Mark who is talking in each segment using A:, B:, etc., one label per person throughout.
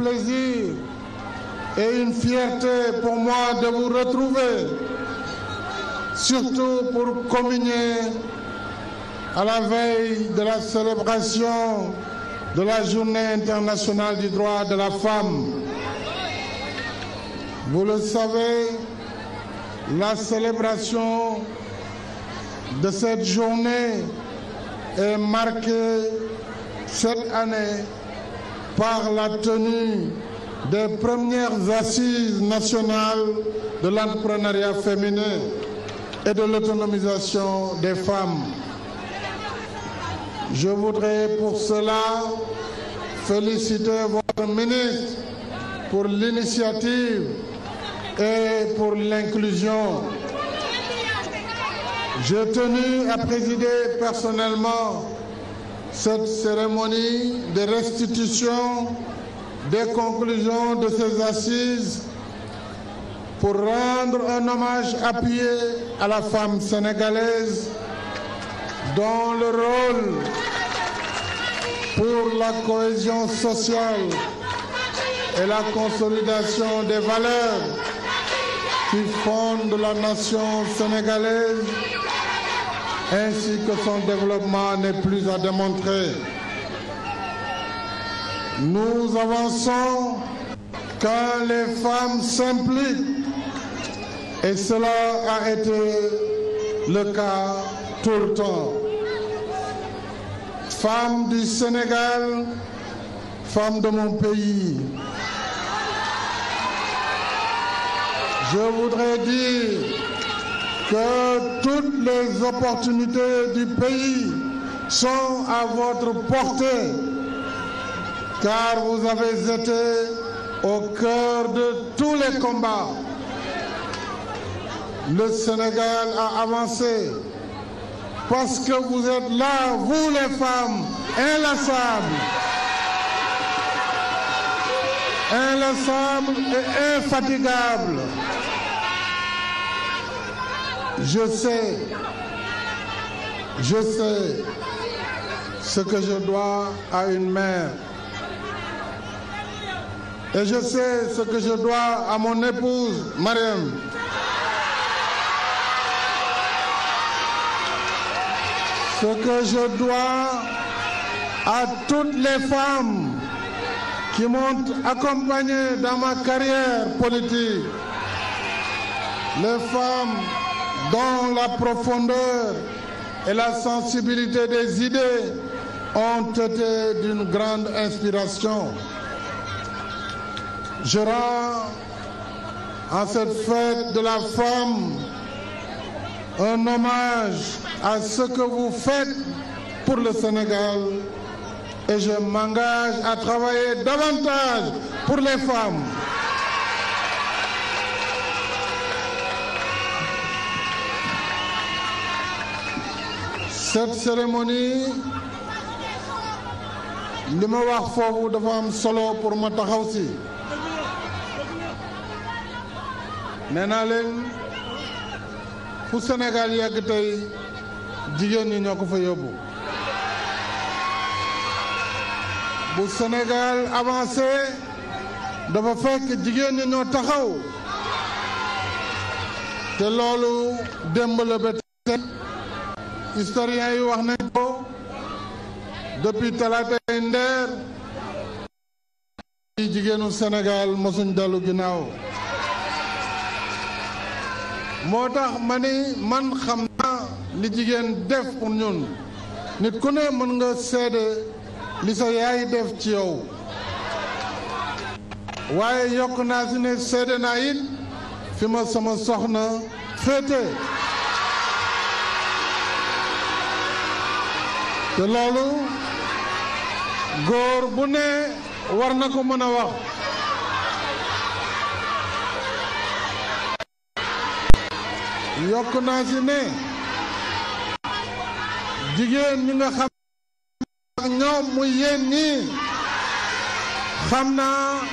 A: plaisir et une fierté pour moi de vous retrouver, surtout pour communier à la veille de la célébration de la Journée internationale du droit de la femme. Vous le savez, la célébration de cette journée est marquée cette année par la tenue des premières assises nationales de l'entrepreneuriat féminin et de l'autonomisation des femmes. Je voudrais pour cela féliciter votre ministre pour l'initiative et pour l'inclusion. J'ai tenu à présider personnellement cette cérémonie de restitution des conclusions de ces assises pour rendre un hommage appuyé à la femme sénégalaise dont le rôle pour la cohésion sociale et la consolidation des valeurs qui fondent la nation sénégalaise ainsi que son développement n'est plus à démontrer. Nous avançons quand les femmes s'impliquent et cela a été le cas tout le temps. Femmes du Sénégal, femmes de mon pays, je voudrais dire que toutes les opportunités du pays sont à votre portée, car vous avez été au cœur de tous les combats. Le Sénégal a avancé parce que vous êtes là, vous les femmes, inlassables, et infatigables. Je sais, je sais ce que je dois à une mère. Et je sais ce que je dois à mon épouse, Mariam. Ce que je dois à toutes les femmes qui m'ont accompagné dans ma carrière politique. dont la profondeur et la sensibilité des idées ont été d'une grande inspiration. Je rends en cette fête de la femme un hommage à ce que vous faites pour le Sénégal et je m'engage à travailler davantage pour les femmes. cette cérémonie li ma wax foofu dafa am solo pour ma taxaw si nee naa leen fu senegal yegg tey jigéen ñi ñoo ko fa yóbbu bu Sénégal avancé dafa fekk jigéen ñi ñoo taxaw te loolu démb la ba historien yi wax nañ ko depuis talaatay ndeer yi jigéenu Sénégal mosuñ dalu ginnaaw moo tax ma ni man xam naa li jigéen def pour ñun nit ku ne mën nga sedd li sa yaay def ci yow waaye yokk naa si ne seede naa it fi ma sama soxna féete te loolu góor bu ne war na ko mën a wax yokk naa ci ne jigéen ñu nga xam ak ñoom mu naa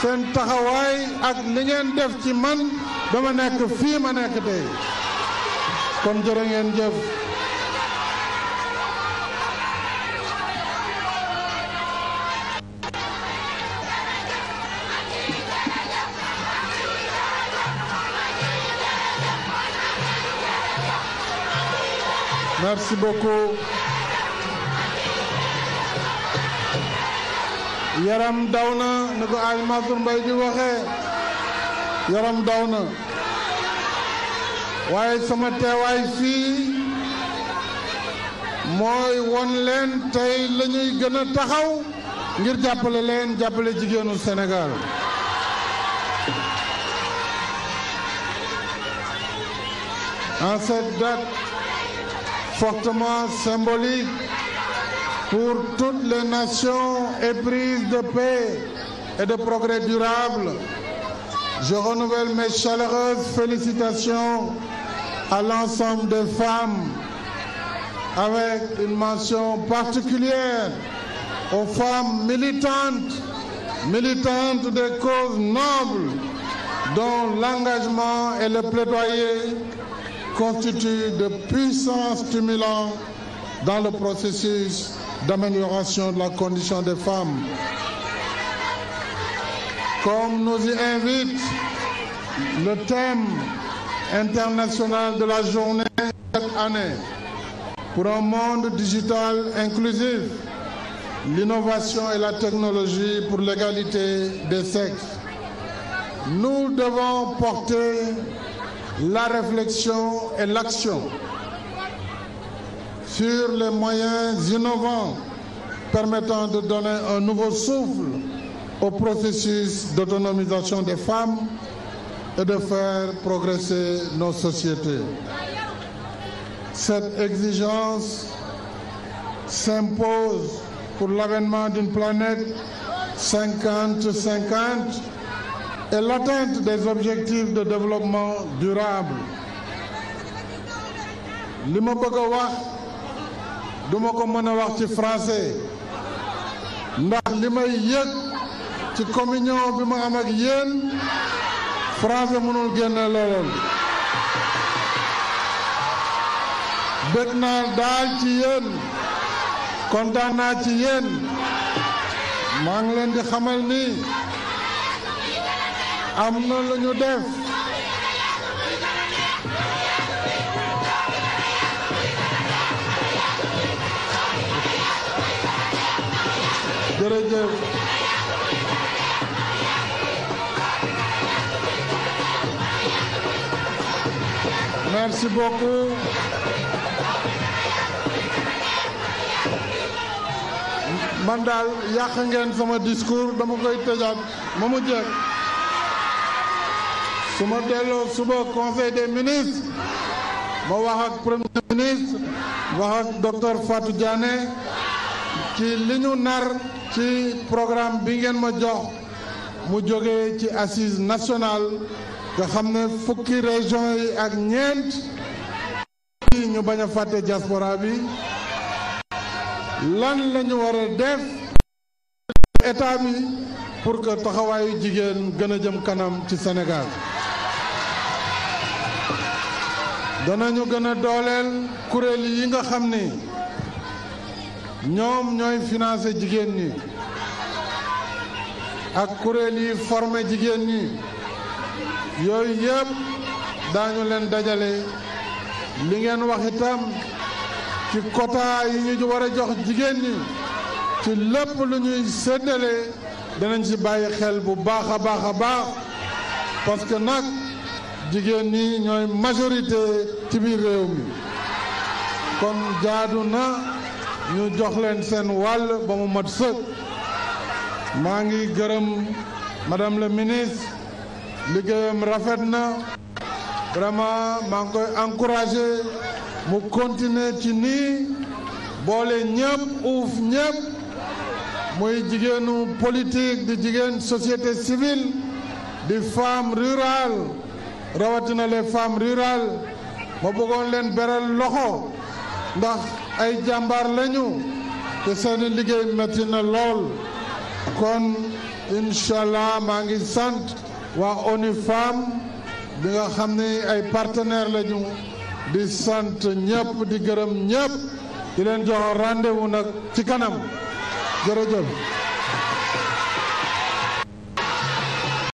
A: seen taxawaay ak li ngeen def ci man ba ma nekk fii ma nekk tey kon jërë ngeen jëf Merci beaucoup. yaram daw na ni ko Aly Mansour di waxee yaram daw na waaye sama teewaay fii mooy won leen tey la ñuy gën taxaw ngir jàppale leen jàppale jigéenu Sénégal fortement symbolique pour toutes les nations éprises de paix et de progrès durable. Je renouvelle mes chaleureuses félicitations à l'ensemble des femmes, avec une mention particulière aux femmes militantes, des causes nobles, dont l'engagement et le plaidoyer constitue de puissants stimulants dans le processus d'amélioration de la condition des femmes. Comme nous y invite le thème international de la journée cette année, pour un monde digital inclusif, l'innovation et la technologie pour l'égalité des sexes. Nous devons porter la réflexion et l'action sur les moyens innovants permettant de donner un nouveau souffle au processus d'autonomisation des femmes et de faire progresser nos sociétés. Cette exigence s'impose pour l'avènement d'une planète 50 cinquante et l'atteinte des objectifs de développement durable li ma bëgg a wax duma ko mën a wax ci français ndax li may yëg ci communion bi ma am ak yéen français mënul génne lool bëgg naa daal ci yéen kontaan naa ci yéen maa ngi leen di xamal ni. am na lu ñu def jërëjëf merci beaucoup man daal yàq ngeen sama discours dama koy tëjaat ma mu jeex su ma delloo suba conseil des ministres ma wax ak premier ministre wax ak docteur Fatou Diané ci li ñu nar ci programme bi ngeen ma jox mu jóge ci assise nationale nga xam ne fukki région yi ak ñeent yi ñu bañ fàtte diaspora bi lan la ñu war a def état bi pour que taxawaayu jigéen gën a jëm kanam ci Sénégal danañu gën a dooleel kuréel yi nga xam ni ñoom ñooy financé jigéen ñi ak kuréel yi formé jigéen ñi yooyu yëpp daañu leen dajale li ngeen wax itam ci quota yi ñu war a jox jigéen ñi ci lépp lu ñuy séddale danañ ci bàyyi xel bu baax a baax a baax parce que nag jigéen ñi ñooy majorité ci biir réew mi kon jaadu na ñu jox seen wàll ba mu mat sëkk maa ngi gërëm madame la ministre liggéeyam rafet na vraiment maa ngi koy encouragé mu continuer ci nii boole ñëpp uuf ñëpp muy jigéenu politique di jigéen société civile di femme rurale rawatina les femmes rurales ma bëggoon leen beral loxo ndax ay jàmbaar lañu te seeni liggéey métti na lool kon incha allah maa ngi sant waa ONU Femmes bi nga xam ne ay partenaires lañu di sant ñëpp di gërëm ñëpp di leen jox rendez-vous nag ci kanam jërëjëf.